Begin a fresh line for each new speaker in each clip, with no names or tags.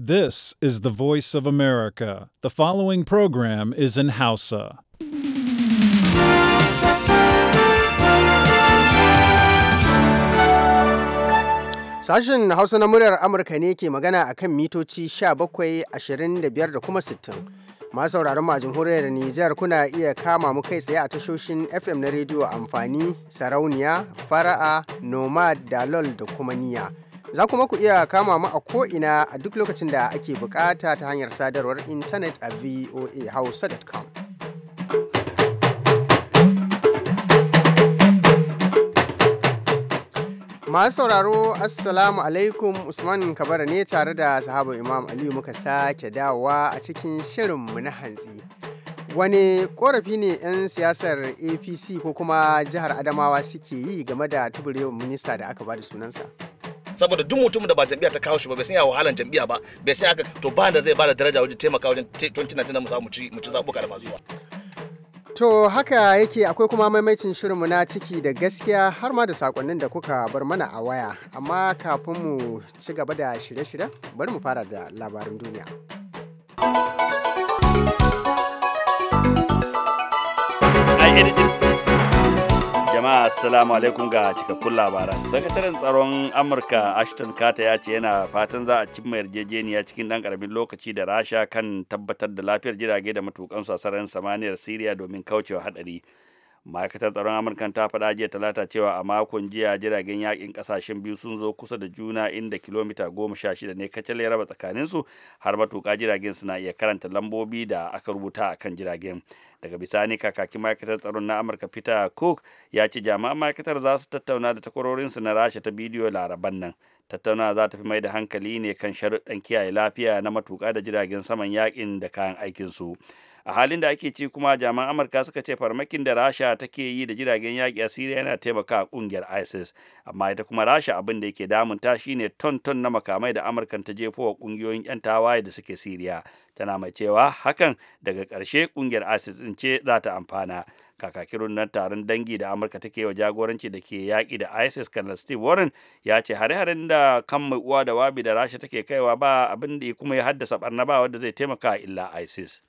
This is the voice of America. The following program is in Hausa.
Sashen Hausa na muryar Amurka ne ke magana a kan mitoci 17, 25 da kuma 60. Masu sauraron mu jamhuriyar Nijar kuna iya kama mu kai tsaye a tashoshin FM na rediyo amfani, sarauniya, fara'a, nomad, dalol da kuma niya. Za kuma ku iya kama mu a ko'ina a duk lokacin da ake bukata ta hanyar sadarwar intanet a voahausa.com. Masu sauraro Assalamu alaikum Usman Kabara ne tare da sahaba Imam Aliyu muka sake dawowa a cikin shirin mu na hantsi. Wani korafi ne 'yan siyasar APC ko kuma jihar Adamawa suke yi game da tuburewa minista da aka ba da sunansa?
saboda duk mutumin da ba jam'iyya ta kawo shi ba bai san ya wahalan jam'iyya ba bai san aka to ba da zai ba da daraja wajen taimaka wajen 2019 da mu mu ci zabuka da zuwa
To haka yake akwai kuma maimaitin shirinmu na ciki da gaskiya har ma da sakonnin da kuka bar mana a waya. Amma kafin mu ci gaba da shirye-shirye bari mu fara da labarin duniya.
I it. jama'a assalamu alaikum ga cikakkun labaran sakataren tsaron amurka ashton kata ya ce yana fatan za a cimma yarjejeniya cikin dan karamin lokaci da rasha kan tabbatar da lafiyar jirage da matukan sasaren samaniyar siriya domin kaucewa hadari ma'aikatar tsaron amurka ta faɗa jiya talata cewa a makon jiya jiragen yakin kasashen biyu sun zo kusa da juna inda kilomita goma sha shida ne kacal ya raba tsakanin su har matuka jiragen suna iya karanta lambobi da aka rubuta a kan jiragen daga bisani kakakin ma'aikatar tsaron na amurka peter cook ya ce jami'an ma'aikatar za su tattauna da takwarorinsu na rasha ta bidiyo laraban nan tattauna za ta fi mai da hankali ne kan sharuɗan kiyaye lafiya na matuka da jiragen saman yakin da kayan aikinsu. su a halin da ake ci kuma jami'an amurka suka ce farmakin da rasha take yi da jiragen yaƙi a siriya yana taimaka a ƙungiyar isis amma ita kuma rasha abin da yake damunta shine ton ton na makamai da amurka ta jefo wa ƙungiyoyin 'yan tawaye da suke siriya tana mai cewa hakan daga ƙarshe ƙungiyar isis ɗin ce za ta amfana kakakin nan taron dangi da amurka take wa jagoranci da ke yaƙi da isis kan steve warren ya ce hare-haren da kan mai uwa da wabi da rasha take kaiwa ba abin da kuma ya haddasa barna ba wanda zai taimaka illa isis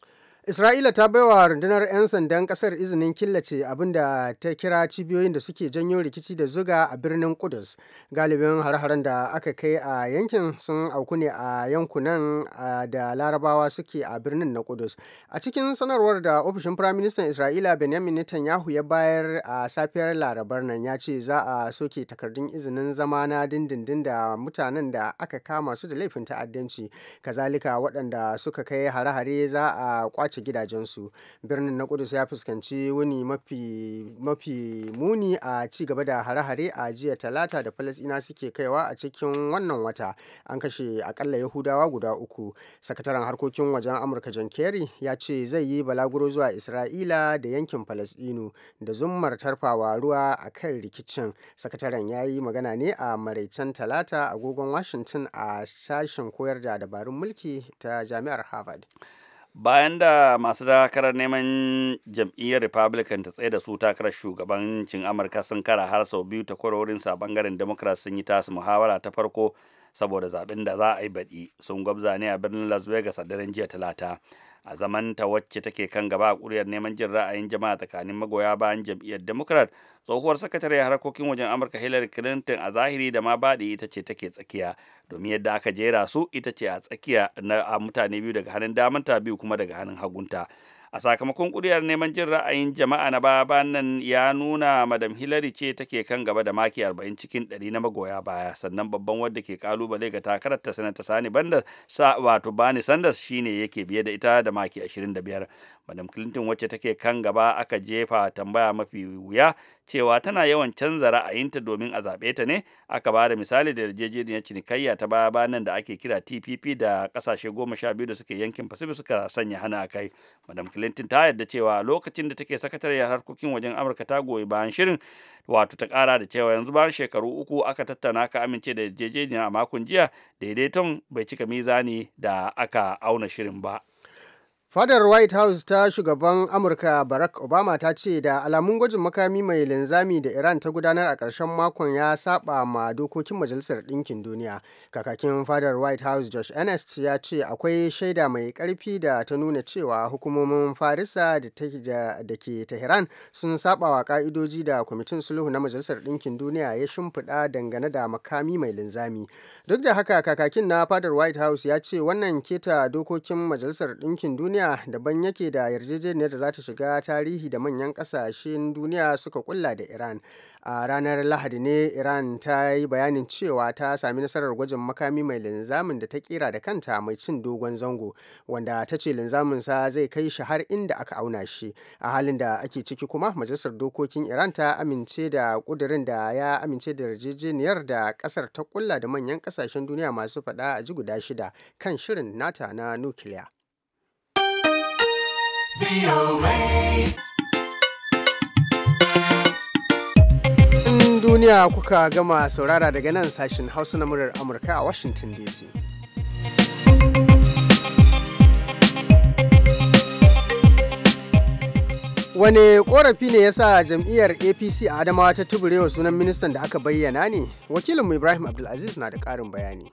Isra'ila ta baiwa rundunar 'yan sandan kasar izinin killace abin da ta kira cibiyoyin da suke janyo rikici da zuga a birnin Kudus. Galibin har-haren da aka kai a yankin sun auku ne a yankunan da larabawa suke a birnin na Kudus. A cikin sanarwar da ofishin Firaministan Isra'ila Benjamin Netanyahu ya bayar a safiyar larabar nan ya ce za a soke takardun izinin zama na dindindin da mutanen da aka kama su da laifin ta'addanci. Kazalika waɗanda suka kai hare-hare za a kwace su gidajensu birnin na kudus ya fuskanci wani mafi muni a ci gaba da hare-hare a jiya talata da falasina suke kaiwa a cikin wannan wata an kashe akalla yahudawa guda uku sakataren harkokin wajen amurka john kerry ya ce zai yi balaguro zuwa isra'ila da yankin falasinu da zummar tarfawa ruwa a kan rikicin sakataren ya yi magana ne a maraicen talata agogon washington a sashen koyar da dabarun mulki ta jami'ar harvard
bayan da masu takarar neman jam'iyyar republican ta tsaye da su takarar shugabancin amurka sun kara har sau biyu ta kwarorin sa bangaren democrat sun yi tasu muhawara ta farko saboda zaben da za a yi baɗi sun gwabza ne a birnin las vegas a daren jiya talata a ta wacce take kan gaba a kuriyar neman jin ra'ayin jama'a tsakanin magoya bayan jam'iyyar democrat tsohuwar sakatare harkokin wajen amurka hillary clinton a zahiri da ma baɗi ita ce take tsakiya domin yadda aka jera su ita ce a tsakiya na mutane biyu daga hannun damanta biyu kuma daga hannun hagunta a sakamakon kuri'ar neman jin ra'ayin jama'a na baya nan ya nuna madam hillary ce take kan gaba da maki 40 cikin 100 na magoya baya sannan babban wadda ke kalubale ga takarar ta sanata sani banda sa wato bani sanders shine yake biye da ita da maki 25 madam clinton wacce take kan gaba aka jefa tambaya mafi wuya cewa tana yawan canza ra'ayinta domin a zaɓe ta ne aka ba da misali da yarjejeniyar cinikayya ta baya bayan da ake kira tpp da ƙasashe goma sha biyu da suke yankin pacific suka sanya hana a kai madam clinton ta yarda cewa lokacin da take sakatariyar harkokin wajen amurka ta goyi bayan shirin wato ta kara da cewa yanzu bayan shekaru uku aka tattauna ka amince da yarjejeniya a makon jiya daidaiton bai cika mizani da aka auna shirin ba
fadar white house ta shugaban amurka barack obama ta ce da alamun gwajin makami mai linzami da iran ta gudanar a ƙarshen makon ya saba ma dokokin majalisar ɗinkin duniya kakakin fadar white house josh ernest ya ce akwai shaida mai ƙarfi da ta nuna cewa hukumomin farisa da ke tehran sun saba wa ƙa'idoji da kwamitin sulhu na majalisar ɗinkin duniya ya shimfiɗa dangane da makami mai linzami duk da haka kakakin na fadar white house ya ce wannan keta dokokin majalisar ɗinkin duniya duniya daban yake da yarjejeniyar da za ta shiga tarihi da manyan kasashen duniya suka kulla da Iran. A ranar Lahadi ne Iran ta yi bayanin cewa ta sami nasarar gwajin makami mai linzamin da ta kira da kanta mai cin dogon zango wanda ta ce linzaminsa zai kai shi har inda aka auna shi. A halin da ake ciki kuma majalisar dokokin Iran ta amince da ƙudurin da ya amince da yarjejeniyar da kasar ta kulla da manyan kasashen duniya masu faɗa a ji guda shida kan shirin nata na nukiliya. In duniya kuka gama saurara daga nan sashen Hausa na murar Amurka a Washington DC. Wane korafi ne ya sa jam'iyyar APC a Adamawa ta tuburewa sunan ministan da aka bayyana ne? Wakilinmu Ibrahim Abdulaziz na da ƙarin bayani.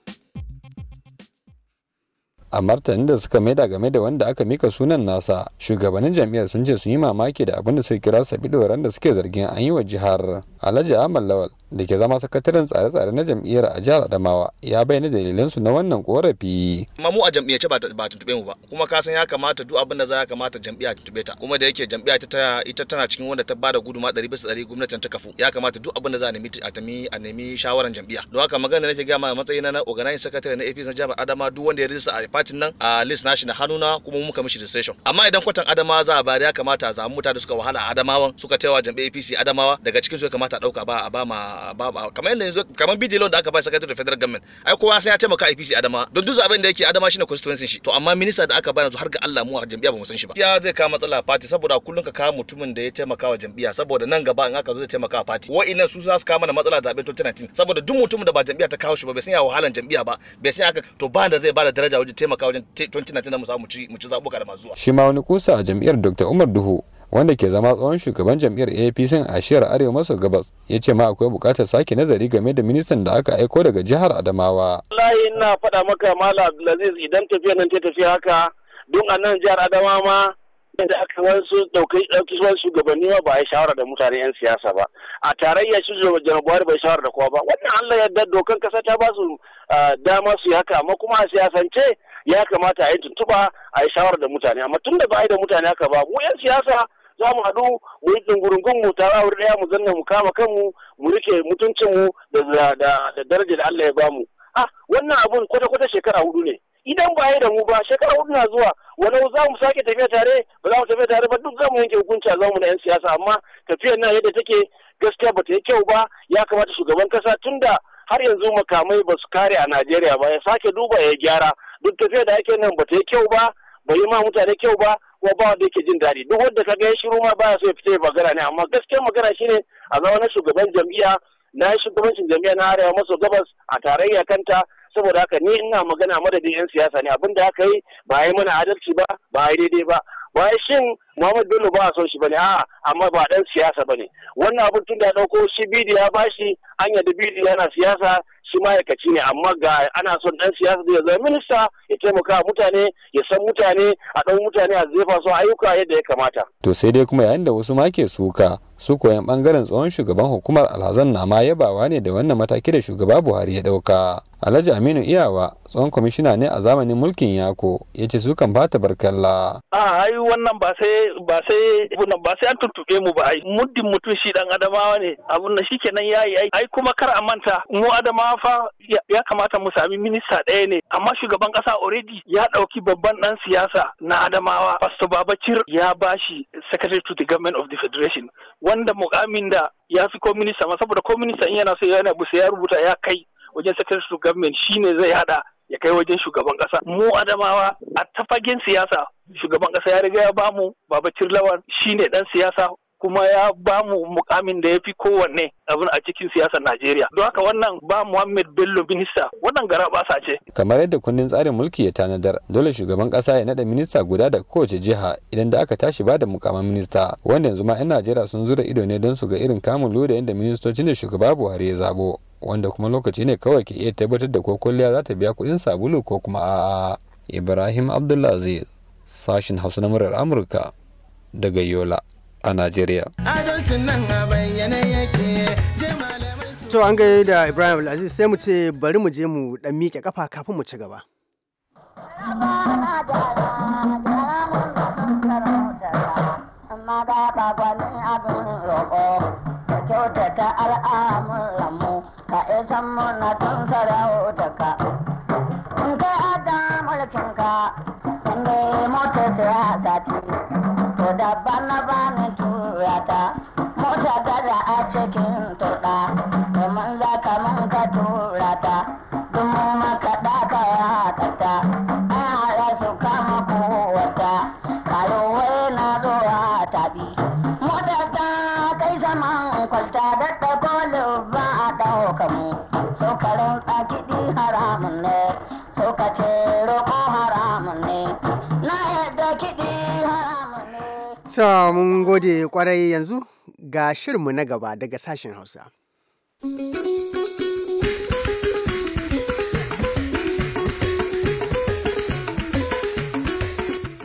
a martanin da suka maida game da wanda aka mika sunan nasa shugabannin jami'ar sun ce sun yi mamaki da abin da suka kira sabi da suke zargin an yi wa jihar alhaji ahmad lawal da ke zama sakataren tsare-tsare na jam'iyyar a jihar Adamawa ya bayyana dalilansu na wannan korafi.
Amma mu a jam'iyyar ba ba tuntube mu ba kuma ka san ya kamata duk abin da za ya kamata jam'iyya tuntube ta kuma da yake jam'iyya ta ita tana cikin wanda ta bada guduma 100 gwamnatin ta kafu ya kamata duk abin da za a nemi a tami a nemi shawaran jam'iyya. Don haka magana da nake ga ma matsayin na organizing secretary na APC na jihar adamawa duk wanda ya rijista a fatin nan a list nashi na hannuna kuma ka mishi registration. Amma idan kwatan adamawa za a bayar ya kamata a zamu mutane suka wahala a Adamawan suka wa jam'iyyar APC Adamawa daga cikin su ya kamata a dauka ba a ba ma ba kamar yadda yanzu kamar BD da aka ba secretary of federal government ai kowa sai ya taimaka APC Adama don duk abin da yake Adama shine constituency shi to amma minista da aka ba yanzu har ga Allah mu a jam'iyya ba mu san shi ba ya zai kawo matsala party saboda kullun ka kawo mutumin da ya taimaka wa jam'iyya saboda nan gaba in aka zo zai taimaka wa party wa'annan su za su kawo mana matsala zabe 2019 saboda duk mutumin da ba jam'iyya ta kawo shi ba bai san ya wahalan jam'iyya ba bai san aka to ba da zai ba da daraja wajen taimaka wajen 2019 da mu samu mu ci zabuka da masu zuwa
shi ma wani kusa a jam'iyyar Dr. Umar Duhu wanda ke zama tsohon shugaban jam'iyyar apc a shiyar arewa maso gabas ya ce ma akwai buƙatar sake nazari game da ministan da aka aiko daga jihar adamawa
wallahi ina faɗa maka mala abdulaziz idan tafiya nan ta tafiya haka don a nan jihar adamawa ma da aka wasu ɗauki wasu shugabanni ma ba a yi shawara da mutane 'yan siyasa ba a tarayya shi janar buhari bai shawara da kowa ba wannan allah yadda dokan kasa ta ba su dama su yi haka amma kuma a siyasance ya kamata a yi tuntuɓa a yi shawara da mutane amma tun da ba a yi da mutane haka ba mu 'yan siyasa za mu haɗu mu yi tsungurungun mu tara wuri ɗaya mu zanna mu kama kanmu mu rike mu da da daraja da Allah ya bamu ah wannan abun kwata-kwata shekara hudu ne idan ba yi da mu ba shekara hudu na zuwa wani za mu sake tafiya tare ba za mu tafiya tare ba duk za mu yanke hukunci za mu na yan siyasa amma tafiyar nan yadda take gaskiya ba ta yi kyau ba ya kamata shugaban kasa tun da har yanzu makamai ba su kare a Najeriya ba ya sake duba ya gyara duk tafiyar da ake nan ba ta yi kyau ba ba yi ma mutane kyau ba ko ba wanda yake jin daɗi duk wanda kaga ya shiru ma baya so ya fita ya magana ne amma gaskiyar magana shine a zama na shugaban jam'iyya na shugabancin jam'iyya na arewa maso gabas a tarayya kanta saboda haka ni ina magana madadin yan siyasa ne abinda aka yi ba yi mana adalci ba ba yi daidai ba ba shin Muhammad Bello ba a son shi bane a'a amma ba dan siyasa bane wannan abin tun da dauko shi bidiyo ya bashi an yadda bidiyo yana siyasa shi ma'aikaci ne amma ga ana son dan siyasa da zama minista ya taimaka mutane ya san mutane a ɗan mutane a zefa su ayyuka yadda ya kamata.
To sai dai kuma yayin da wasu ma ke suka su koyan bangaren tsohon shugaban hukumar alhazan na ma yabawa ne da wannan mataki da shugaba buhari ya dauka alhaji aminu iyawa tsohon kwamishina ne a zamanin mulkin yako ya ce su kan bata barkalla
a ai wannan ba sai an tuntuɓe mu ba ai muddin mutum shi dan adamawa ne abun nan shikenan yayi ai ai kuma kar a manta mu adamawa fa ya kamata mu sami minista ɗaya ne amma shugaban ƙasa already ya ɗauki babban ɗan siyasa na adamawa pastor babacir ya bashi secretary to the government of the federation wanda mukamin da ya fi ko minista ma saboda ko in yana so yana busa ya rubuta ya kai wajen secretary to government shine zai hada ya kai wajen shugaban kasa mu adamawa a tafagen siyasa shugaban kasa ya riga ya bamu baba cirlawan shine dan siyasa kuma ya ba mu mukamin da ya fi kowanne abin a cikin siyasar Najeriya. Don haka wannan ba Muhammad Bello minista wannan gara basa ce.
Kamar yadda kundin tsarin mulki ya tanadar dole shugaban kasa ya nada minista guda da kowace jiha idan da aka tashi ba da mukamin minista wanda yanzu ma 'yan Najeriya sun zura ido ne don su ga irin kamun lura yadda ministocin da shugaba Buhari ya zabo. Wanda kuma lokaci ne kawai ke iya tabbatar da ko kwalliya za ta biya kuɗin sabulu ko kuma a'a. Ibrahim Abdulaziz, sashin Hausa na murar Amurka daga Yola. a Najeriya.
a yake To
an gaya da Ibrahim Aziz sai mu ce bari mu je mu dan miƙe kafa kafin mu ci gaba. Amma ba ni abin
ka isan na tun sarautaka. In ka ada mulkinka, in mota to na
To mun gode kwarai yanzu ga shirinmu na gaba daga sashen Hausa.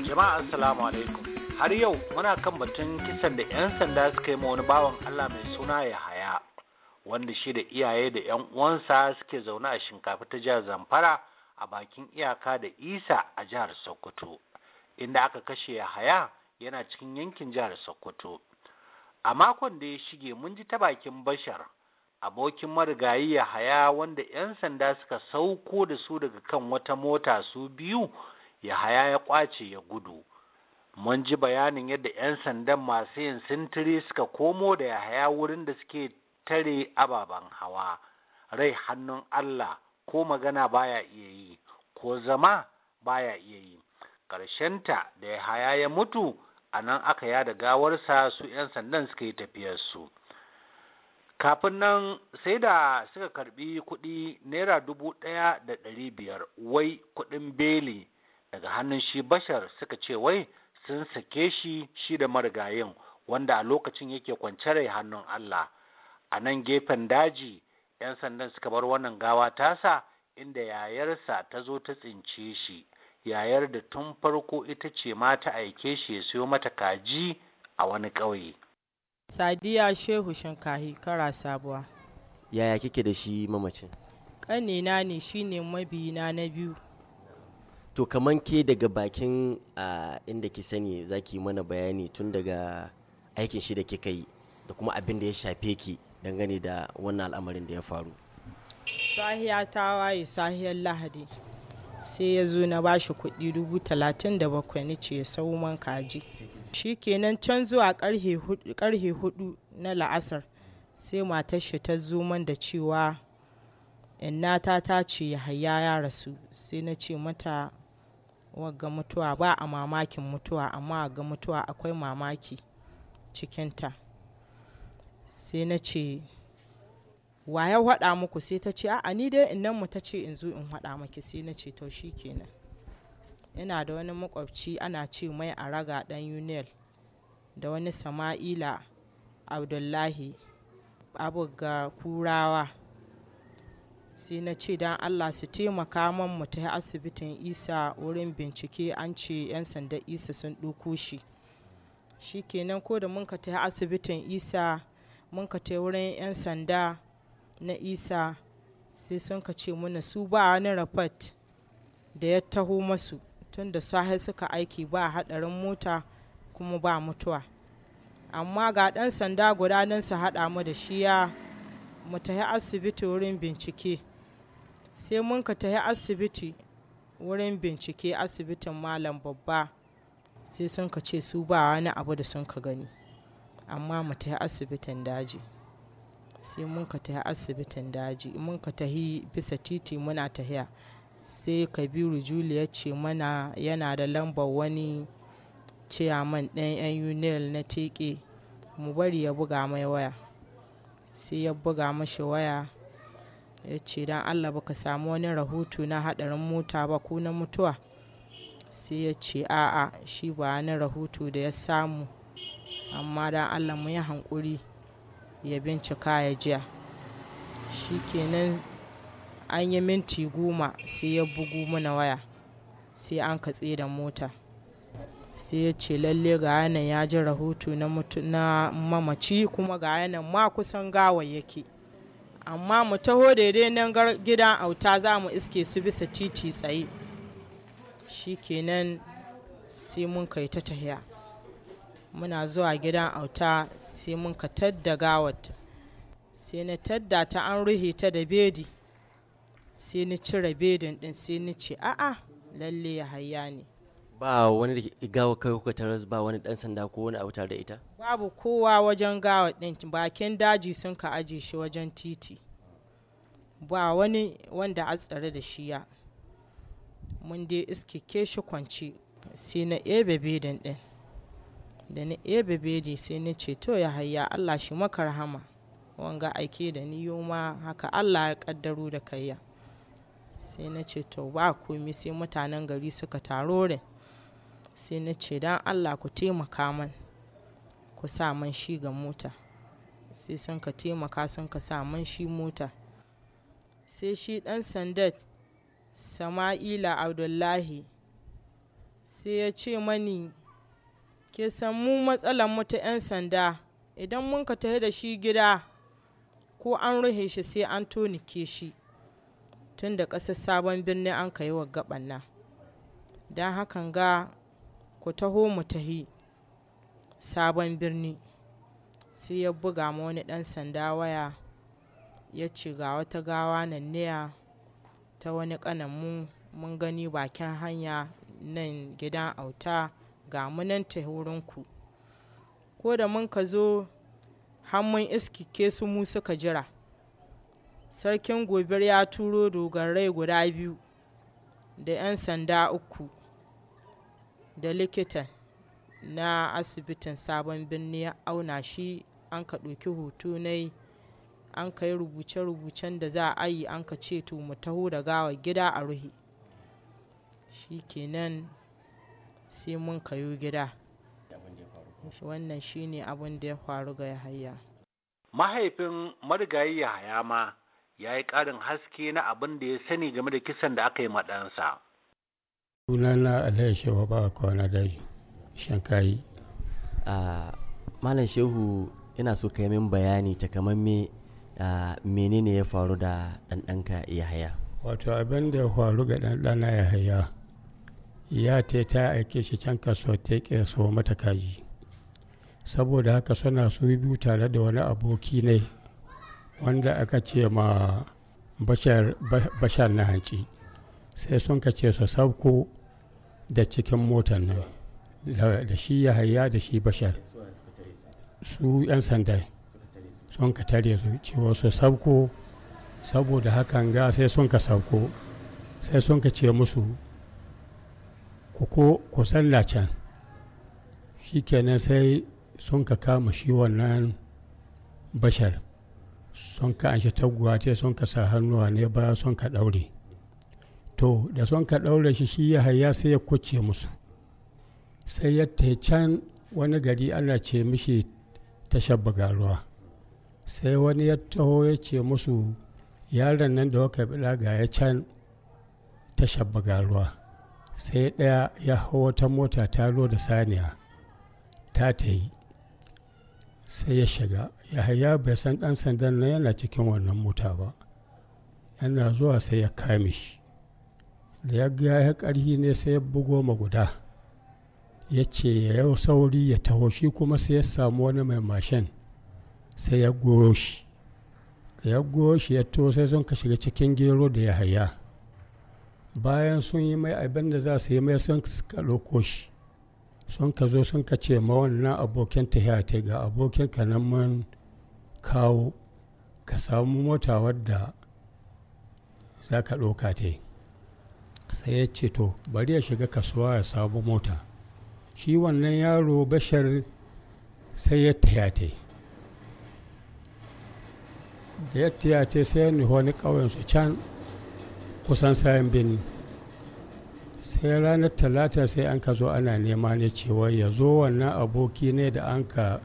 Jama'a Assalamu alaikum. Har yau muna kan batun kisan da 'yan sanda suka yi ma wani bawan Allah mai suna ya haya, wanda shi da iyaye da 'yan uwansa suke zaune a shinkafa ta jihar Zamfara a bakin iyaka da Isa a jihar Sokoto, inda aka kashe ya haya yana cikin yankin jihar Sokoto. A makon da ya shige mun ji ta bakin Bashar, abokin marigayi ya haya wanda 'yan sanda suka sauko da su daga kan wata mota su biyu ya haya ya kwace ya gudu. Mun ji bayanin yadda 'yan sandan masu yin sintiri suka komo da ya haya wurin da suke tare ababen hawa, rai hannun Allah ko magana baya iya yi, ko zama baya iya yi. Ƙarshenta da ya haya ya mutu a nan aka yada gawarsa su 'yan sandan suka yi tafiyarsu kafin nan sai da suka karbi kuɗi naira dubu ɗaya da ɗari biyar wai kuɗin beli daga hannun shi bashar suka ce wai sun sake shi shi da marigayin wanda a lokacin yake kwanciyar hannun allah a nan gefen daji 'yan sandan suka bar wannan gawa tasa inda yayarsa ta zo ta tsince shi yayar da tun farko ita ce ma ta aike shi ya siyo mata kaji a wani ƙauye.
Sadiya Shehu Shinkahi kara sabuwa.
Yaya kike da shi mamacin?
Ƙanina ne shine mabiyina na biyu.
To kaman ke daga bakin a inda ki sani za ki mana bayani tun daga aikin shi da kika yi da kuma abin da ya shafe ki dangane da wannan al'amarin da ya
faru. Sahiya ta waye sahiyar Lahadi. sai ya zo na ba shi kuɗi dubu talatin da bakwai ni ce sauman kaji shi kenan can zuwa karhe hudu na la'asar sai matar shi ta zo man da cewa inna ta ce yahaya ya rasu sai na ce mata wagga mutuwa ba a mamakin mutuwa amma ga mutuwa akwai mamaki cikinta sai na ce wa ya haɗa muku sai ta ce a ni dai nan mu ta ce in zo in haɗa maki sai na ce to shi kenan ina da wani makwabci ana ce mai a raga ɗan yunel da wani sama'ila abdullahi abuga kurawa sai na ce don allah su taimaka man mu ta asibitin isa wurin bincike an ce 'yan sandan isa sun ɗauko shi shi kenan ko da mun ka ta asibitin isa mun ka ta wurin 'yan sanda na isa sai sun ka ce mana su ba wani rapat da ya taho masu tun da sahi suka aiki ba haɗarin mota kuma ba mutuwa amma ga ɗan sanda guda nan su haɗa mu da shi ya mu tafi asibiti wurin bincike sai mun ka tafi asibiti wurin bincike asibitin malam babba sai sun ka ce su ba wani abu da sun ka gani amma mu tafi asibitin daji sai mun ka tahi asibitin daji mun ka tahi bisa titi muna tahiya sai kabiru juliya ce mana yana da lambar wani ciyaman ɗan yan unil na teke mu bari ya buga mai waya sai ya buga mashi waya ya ce don allah baka samu wani rahoto na haɗarin mota ba ko na mutuwa sai ya ce a'a shi ba wani rahoto da ya samu amma don allah mu yi hankuri ya bincika ya jiya shikenan an yi minti goma sai ya bugu mana waya sai an katse da mota sai ya ce lalle ga yanan ya ji rahoto na mamaci kuma ga yanan ma kusan gawa yake amma mu taho daidai nan gidan auta za mu iske su bisa titi tsaye shikenan sai mun kai ta tahiya muna zuwa gidan auta sai mun ka tadda gawarta sai na tadda ta an ruhe ta da bedi sai ni cire bedin din sai ni ce a'a lalle ya hayya ne
ba wani da gawa kai kuka taras ba wani dan sanda ko wani abu tare da ita
babu kowa wajen gawa din bakin daji sun ka aje shi wajen titi ba wani wanda a tsare da shi ya mun dai iskike shi kwanci sai na ebe bedin din da na ebe bebedi sai na ce to ya hayya Allah shi maka rahama wanga aike da ni yoma haka Allah ya kaddaro da kayya sai na ce to ba komi sai mutanen gari suka taro re sai na ce dan Allah ku taimaka man ku sa man shi ga mota sai sun ka taimaka sun ka sa man shi mota sai shi dan sandat sama'ila abdullahi sai ya ce mani ke samu matsalar mu ta 'yan sanda idan mun ka tafi da shi gida ko an ruhe shi sai an tonike shi tun da ƙasar sabon birni an ka yi wa gaban nan don hakan ga ku taho mu tahi sabon birni sai ya buga ma wani ɗan sanda waya ya ce ga wata gawa nan niya ta wani ƙanan mu mun gani bakin hanya nan gidan auta ga munan ta wurinku ko da mun ka zo hannun iskike su mu suka jira sarkin gobir ya turo dogarai guda biyu da 'yan sanda uku da likita na asibitin sabon birni ya auna shi an ka ɗauki hoto na an ka yi rubuce-rubucen da za a yi an ka ce to mu taho da gawa gida a ruhi shi kenan sai mun kayu gida wannan shine abin da ya faru ga yahaya
mahaifin marigayi yahaya ma ya yi ƙarin haske na abin da ya sani game da kisan da aka yi maɗansa
sunana alayhi shehu ba kwana daji shankayi
a ah, malam shehu yana so kai min bayani takamamme ah, menene ya faru da ɗanɗanka yahaya
wato abin da ya faru ga ɗanɗana yahaya ya ta ta aike shi can kaso ta so mata kaji saboda haka suna su biyu tare da wani aboki ne wanda aka ce ma bashar na hanci sai sun ka ce su sauko da cikin motar ne da shi ya haya da shi bashar su 'yan sanda sun ka tare su cewa su sauko saboda hakan ga sai sun ka sauko sai sun ka ce musu ku ko ku kenan can sai sun ka kama shi wannan bashar sun ka anshi taguwa ce sun ka sa hannuwa ne ba sun ka ɗaure to da sun ka ɗaure shi shi ya haya sai ya kuce musu sai ya ta can wani gari ana ce mishi ta shabba ruwa sai wani ya taho ya ce musu yaron nan da waka bila ga ya can ta shabba ruwa sai ɗaya ya hau wata mota ta lo da saniya ta ta yi sai ya shiga ya haya bai san ɗan sandan na yana cikin wannan mota ba yana zuwa sai ya kame shi da ya ga ya ƙarfi ne sai ya bugo ma guda ya ce ya yau sauri ya taho shi kuma sai ya samu wani mai mashin sai ya goro shi da ya goro shi ya to sai sun ka shiga cikin gero da ya haya bayan sun yi mai abin da za su yi mai sun ka shi sun ka zo sun ka ce ma wannan abokin ta ga abokin ka nan man kawo ka samu mota wadda za ka ɗauka ta sai ya ce to bari ya shiga kasuwa ya samu mota shi wannan yaro bashar sai ya tayate da ya tayate sai ya nufi ƙauyensu can kusan sayan birni sai ranar talata sai an ka zo ana nema ne cewa ya zo wannan aboki ne da an ka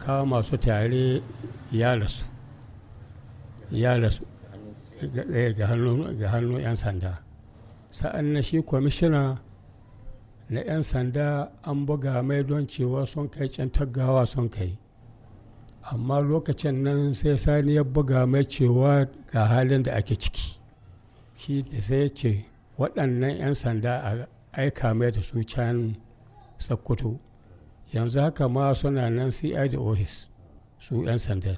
kawo masu tare ya rasu ya rasu eh, ga hannun 'yan sanda sa'an na shi kwamishina na 'yan sanda an buga mai don cewa sun kai can taggawa sun kai amma lokacin nan sai sani ya buga mai cewa ga halin da ake ciki shi sai ya ce waɗannan 'yan sanda a aika mai da su can sakkwato yanzu haka ma suna nan cid office su 'yan sanda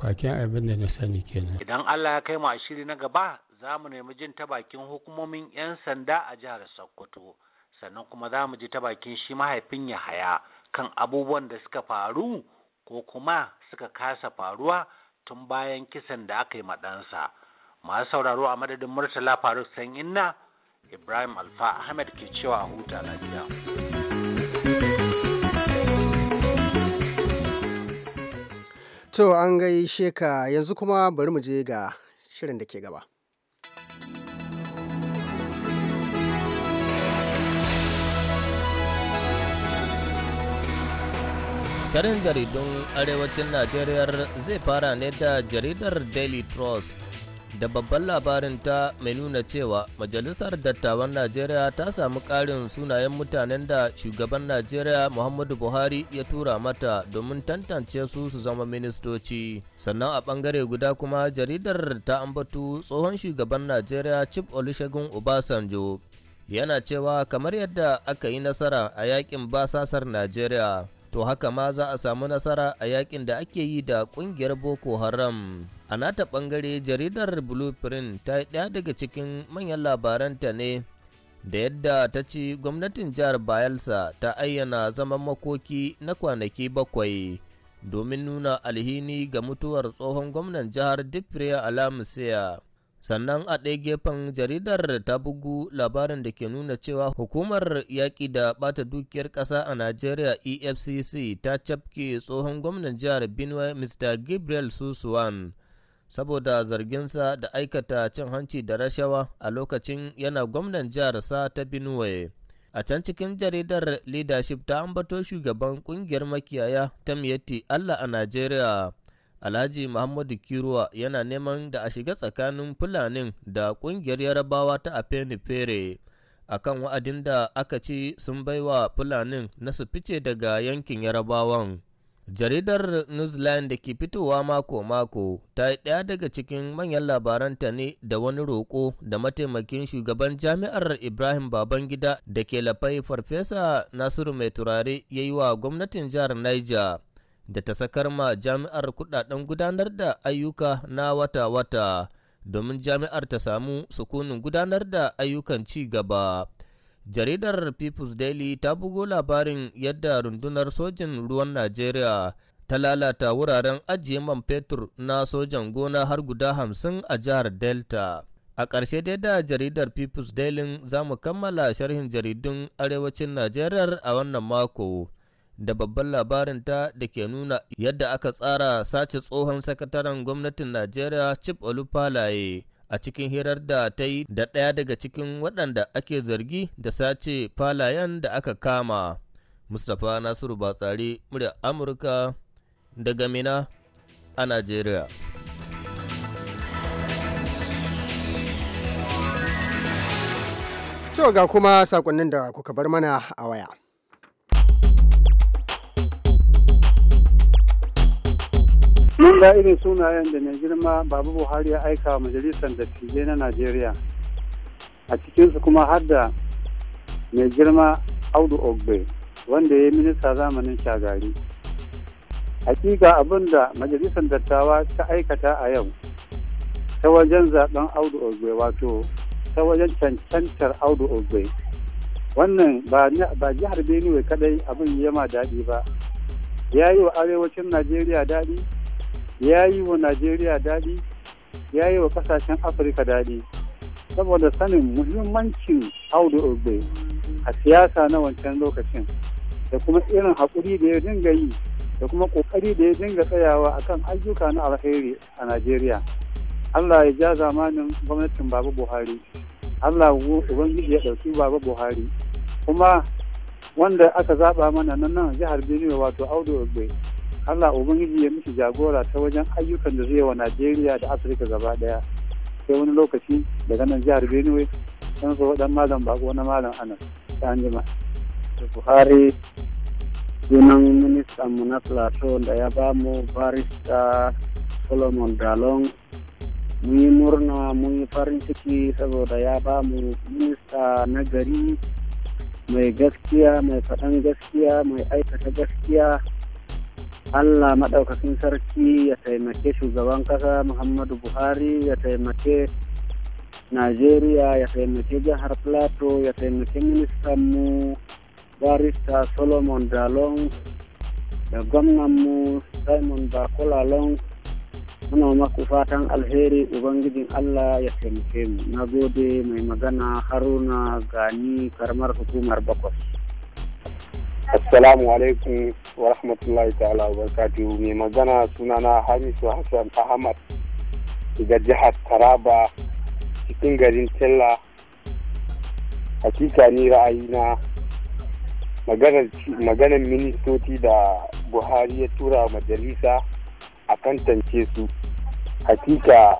bakin abin da na sani kenan
idan allah ya kai mu ashiri na gaba za mu nemi jin ta bakin hukumomin 'yan sanda a jihar sokoto sannan kuma za mu ji ta bakin shi mahaifin ya haya kan abubuwan da suka faru ko kuma suka kasa faruwa tun bayan kisan da aka yi maɗansa. masu sauraro a madadin murtala faruk inna ibrahim alfa ahmed ke cewa a huta lafiya
to an gai sheka yanzu kuma bari mu je ga shirin da ke gaba
Sharin jaridun arewacin Najeriya zai fara ne da jaridar Daily Trust da babban labarin ta mai nuna cewa majalisar dattawan najeriya ta samu ƙarin sunayen mutanen da shugaban najeriya muhammadu buhari ya tura mata domin tantance su su zama ministoci sannan a ɓangare guda kuma jaridar ta ambatu tsohon shugaban najeriya chief olusegun obasanjo yana cewa kamar yadda aka yi nasara a yakin basasar najeriya to haka ma za a samu nasara a yakin da ake yi da ƙungiyar boko haram a nata ɓangare jaridar blueprint ta yi ɗaya daga cikin manyan labaranta ne da yadda ta ci gwamnatin jihar bayelsa ta ayyana zaman makoki na kwanaki bakwai domin nuna alhini ga mutuwar tsohon gwamnan jihar dipriya alamusiya sannan a ɗaya gefen jaridar ta bugu labarin da ke nuna cewa hukumar yaƙi da bata dukiyar ƙasa a najeriya efcc ta cafke tsohon gwamnan jihar benue mr gabriel susuwan saboda zarginsa da aikata cin hanci da rashawa a lokacin yana gwamnan jiharsa ta Binuwaye. A can cikin jaridar leadership ta ambato shugaban kungiyar makiyaya ta miyatti Allah a Najeriya. Alhaji Muhammadu Kiruwa yana neman da a shiga tsakanin Fulanin da kungiyar Yarabawa ta Fere a kan wa'adin da aka ci sun baiwa Fulanin na su fice daga yankin Yarabawan. Jaridar Newsline da ke fitowa mako-mako ta yi ɗaya daga cikin manyan labaranta ne da wani roƙo da mataimakin shugaban jami'ar Ibrahim Babangida da ke lafai Farfesa Nasiru Mai Turare ya yi wa gwamnatin jihar Niger da ta sakar ma jami'ar kudaden gudanar da ayyuka na wata-wata domin jami'ar ta samu sukunin gudanar da ayyukan ci gaba. jaridar people's daily ta bugo labarin yadda rundunar sojin ruwan najeriya ta lalata wuraren ajiye man fetur na sojan gona har guda hamsin a jihar delta a ƙarshe dai da jaridar people's daily za mu kammala sharhin jaridun arewacin najeriya a wannan mako da babban labarinta da ke nuna yadda aka tsara sace tsohon sakataren gwamnatin najeriya chip olufalaye a cikin hirar da ta yi da ɗaya daga cikin waɗanda ake zargi da sace falayen da aka kama. Mustapha Nasiru Batsari, murya Amurka daga Mina a Najeriya.
To ga kuma sakonnin da kuka bar mana a waya.
ga irin sunayen da mai girma babu buhari ya aika wa majalisar dattijai na najeriya a cikinsu kuma har da mai girma audu ogbe wanda ya yi minista zamanin shagari hakika abin da majalisar dattawa ta aikata a yau ta wajen zaben audu ogbe wato ta wajen cancantar audu ogbe wannan ba jihar benue kadai abin yama daɗi ba ya yi wa arewacin najeriya daɗi ya yi wa najeriya daɗi ya yi wa ƙasashen afirka daɗi saboda sanin muhimmancin audu ogbe a siyasa na wancan lokacin da kuma irin haƙuri da ya dinga yi da kuma ƙoƙari da ya dinga tsayawa a kan ayyuka na alheri a najeriya allah ya ja zamanin gwamnatin baba buhari allah ubangiji ya ɗauki baba buhari kuma wanda aka zaɓa mana nan nan jihar benue wato audu ogbe Allah Ubangiji ya miki jagora ta wajen ayyukan da zai wa Najeriya da Afirka gaba daya. Sai wani lokaci daga nan jihar Benue dan so dan malam bako wani malam ana ta anjima. Buhari sunan ministan mu na Plateau da ya ba mu barista Solomon Dalong mun yi murna mun yi farin ciki saboda ya ba mu minista na gari mai gaskiya mai faɗan gaskiya mai aikata gaskiya Allah maɗaukakin sarki ya taimake shugaban ƙasa Muhammadu Buhari ya taimake Najeriya ya taimake jihar Plateau ya taimake ministanmu barista Solomon Dalon da gwamnanmu Simon Bakolalon muna maku fatan alheri Ubangijin Allah ya taimake mu. Na gode mai magana Haruna Gani karamar hukumar bakwai Assalamu alaikum wa
rahmatullahi ta'ala wa barakatuhu mai magana sunana Hamisu Hassan Ahmad daga jihar Taraba cikin garin Tella hakika ni ra'ayina maganar ministoci da Buhari ya tura majalisa a kan tance su hakika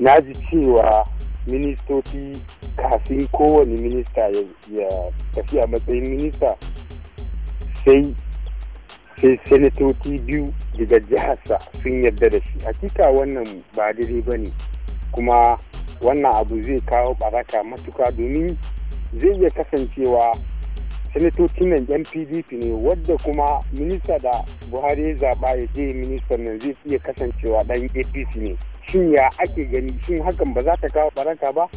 na ji cewa ministoci kafin kowane minista ya tafi a matsayin minista sai sai senatoci biyu daga jiharsa sun yarda da shi hakika wannan ba daidai ba ne kuma wannan abu zai kawo baraka matuka domin zai iya kasancewa sanatocin nan yan pdp ne wadda kuma minista da buhari ya zaɓa ya je ministan nan zai iya kasancewa ɗan apc ne shin ya ake gani shin hakan ba za ta kawo baraka ba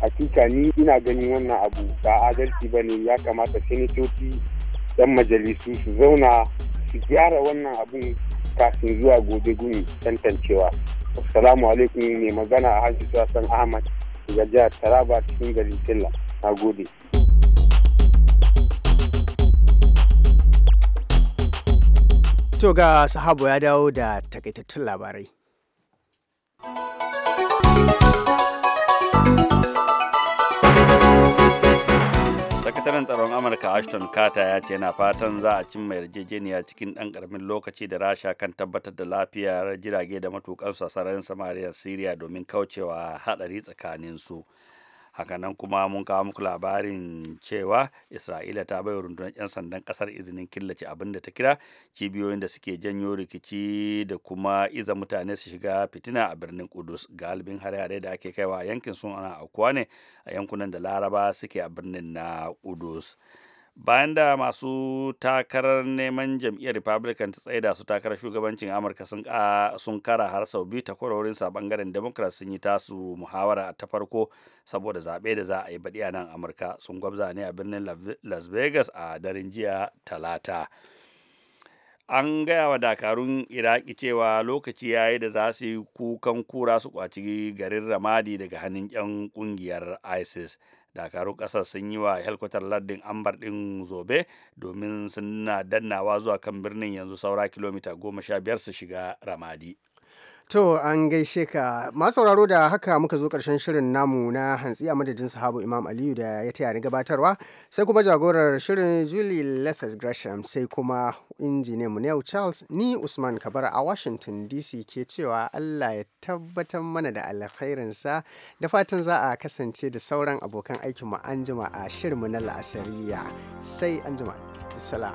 hakika ni ina ganin wannan abu ba adalci ba ne ya kamata sinitoci dan majalisu su zauna su gyara wannan abun kafin zuwa gobe gumi tantancewa assalamu alaikum ne magana a hajji sassan ahmad daga jihar taraba cikin garin tilla na gode
to ga sahabu ya dawo da takaitattun labarai
sakataren tsaron amurka ashton carter ya ce yana fatan za a cimma yarjejeniya cikin ɗan ƙaramin lokaci da rasha kan tabbatar da lafiyar jirage da matukan a sararin samariyar syria domin kaucewa haɗari tsakaninsu su hakanan kuma mun kawo muku labarin cewa isra'ila ta bai rundunar 'yan sandan kasar izinin killace abin da ta kira cibiyoyin da suke janyo rikici da kuma iza mutane su shiga fitina a birnin kudus galibin hare-hare da ake kaiwa yankin sun ana aukuwa ne a yankunan da laraba suke a birnin na kudus bayan da masu takarar neman jam'iyyar republican ta tsaida su takarar shugabancin amurka sun kara har sau biyu ta kwarorin sa bangaren democrat sun yi tasu muhawara ta farko saboda zaɓe da za a yi baɗi a nan amurka sun gwabza ne a birnin las vegas a daren jiya talata an gaya wa dakarun iraki cewa lokaci ya yi da za su yi kukan kura su kwaci garin ramadi daga hannun 'yan kungiyar isis dakarun kasar sun yi wa helkwatar lardin ambar ɗin zobe domin suna dannawa zuwa kan birnin yanzu saura kilomita goma sha biyar su shiga ramadi
To an gaishe ka sauraro da haka muka zo karshen shirin namu na hantsi a madadin sahabu Imam Aliyu da ya taya ni gabatarwa sai kuma jagorar shirin Julie Lefes Gresham sai kuma injiniyanmu Neil Charles ni Usman Kabara a Washington DC ke cewa Allah ya tabbatar mana da alkhairinsa da fatan za a kasance da sauran abokan aikinmu anjima a shirinmu na la'asariya sai anjima. Salam.